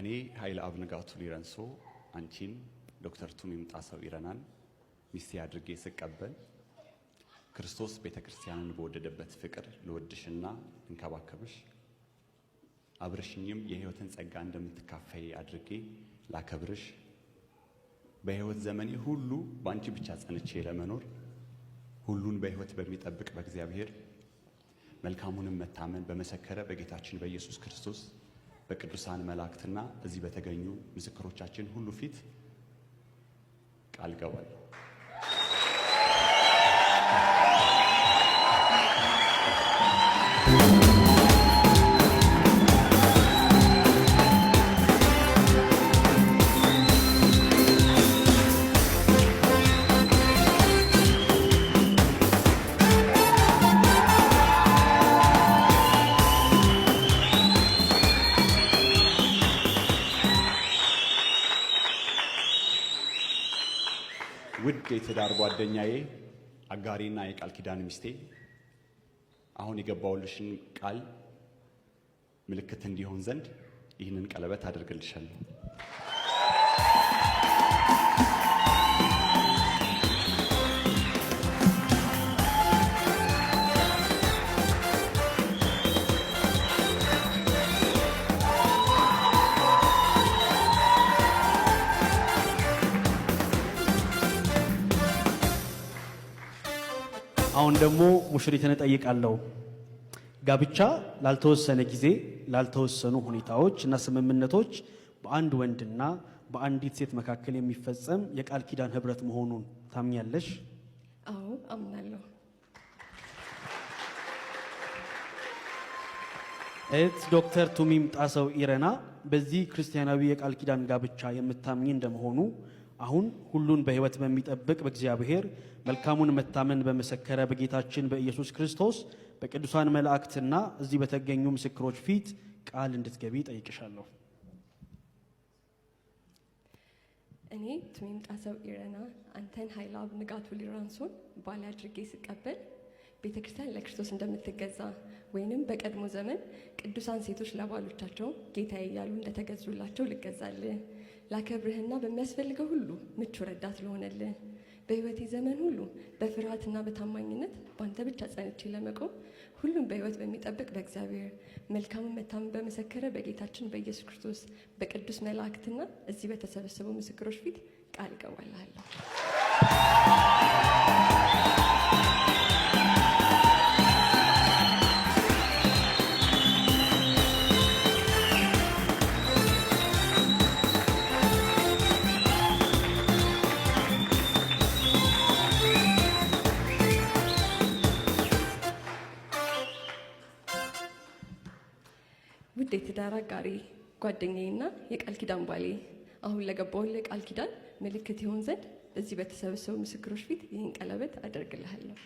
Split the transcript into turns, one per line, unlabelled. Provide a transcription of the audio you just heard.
እኔ ኃይለ አብ ንጋቱ ሊረንሶ አንቺን ዶክተር ቱሚም ጣሰው ይረናን ሚስቴ አድርጌ ስቀበል ክርስቶስ ቤተ ክርስቲያንን በወደደበት ፍቅር ልወድሽና እንከባከብሽ አብርሽኝም የህይወትን ጸጋ እንደምትካፈይ አድርጌ ላከብርሽ በህይወት ዘመኔ ሁሉ በአንቺ ብቻ ጸንቼ ለመኖር ሁሉን በህይወት በሚጠብቅ በእግዚአብሔር መልካሙንም መታመን በመሰከረ በጌታችን በኢየሱስ ክርስቶስ በቅዱሳን መላእክትና እዚህ በተገኙ ምስክሮቻችን ሁሉ ፊት ቃል ገባለሁ። Thank you. ውድ የትዳር ጓደኛዬ አጋሪና የቃል ኪዳን ሚስቴ አሁን የገባውልሽን ቃል ምልክት እንዲሆን ዘንድ ይህንን ቀለበት አድርግልሻለሁ።
አሁን ደግሞ ሙሽሪትን እጠይቃለሁ። ጋብቻ ላልተወሰነ ጊዜ ላልተወሰኑ ሁኔታዎች እና ስምምነቶች በአንድ ወንድና በአንዲት ሴት መካከል የሚፈጸም የቃል ኪዳን ህብረት መሆኑን ታምኛለሽ?
አዎ አምናለሁ።
እህት ዶክተር ቱሚም ጣሰው ኢረና በዚህ ክርስቲያናዊ የቃል ኪዳን ጋብቻ የምታምኝ እንደመሆኑ አሁን ሁሉን በሕይወት በሚጠብቅ በእግዚአብሔር መልካሙን መታመን በመሰከረ በጌታችን በኢየሱስ ክርስቶስ በቅዱሳን መላእክትና እዚህ በተገኙ ምስክሮች ፊት ቃል እንድትገቢ ጠይቅሻለሁ።
እኔ ትሜም ጣሰው ኢረና አንተን ሀይላብ ንጋቱ ሊራንሶን ባል አድርጌ ስቀበል ቤተ ክርስቲያን ለክርስቶስ እንደምትገዛ ወይንም በቀድሞ ዘመን ቅዱሳን ሴቶች ለባሎቻቸው ጌታ እያሉ እንደተገዙላቸው ልገዛልህ ላከብርህና በሚያስፈልገው ሁሉ ምቹ ረዳት ለሆነልህ በህይወቴ ዘመን ሁሉ በፍርሃትና በታማኝነት በአንተ ብቻ ጸንቼ ለመቆም ሁሉም በህይወት በሚጠብቅ በእግዚአብሔር መልካም መታመን በመሰከረ በጌታችን በኢየሱስ ክርስቶስ በቅዱስ መላእክትና እዚህ በተሰበሰቡ ምስክሮች ፊት ቃል እገባላለሁ። ውድ የትዳር አጋሪ ጓደኛዬና የቃል ኪዳን ባሌ አሁን ለገባውን ለቃል ኪዳን ምልክት ይሆን ዘንድ በዚህ በተሰበሰቡ ምስክሮች ፊት ይህን ቀለበት አደርግልሃለሁ።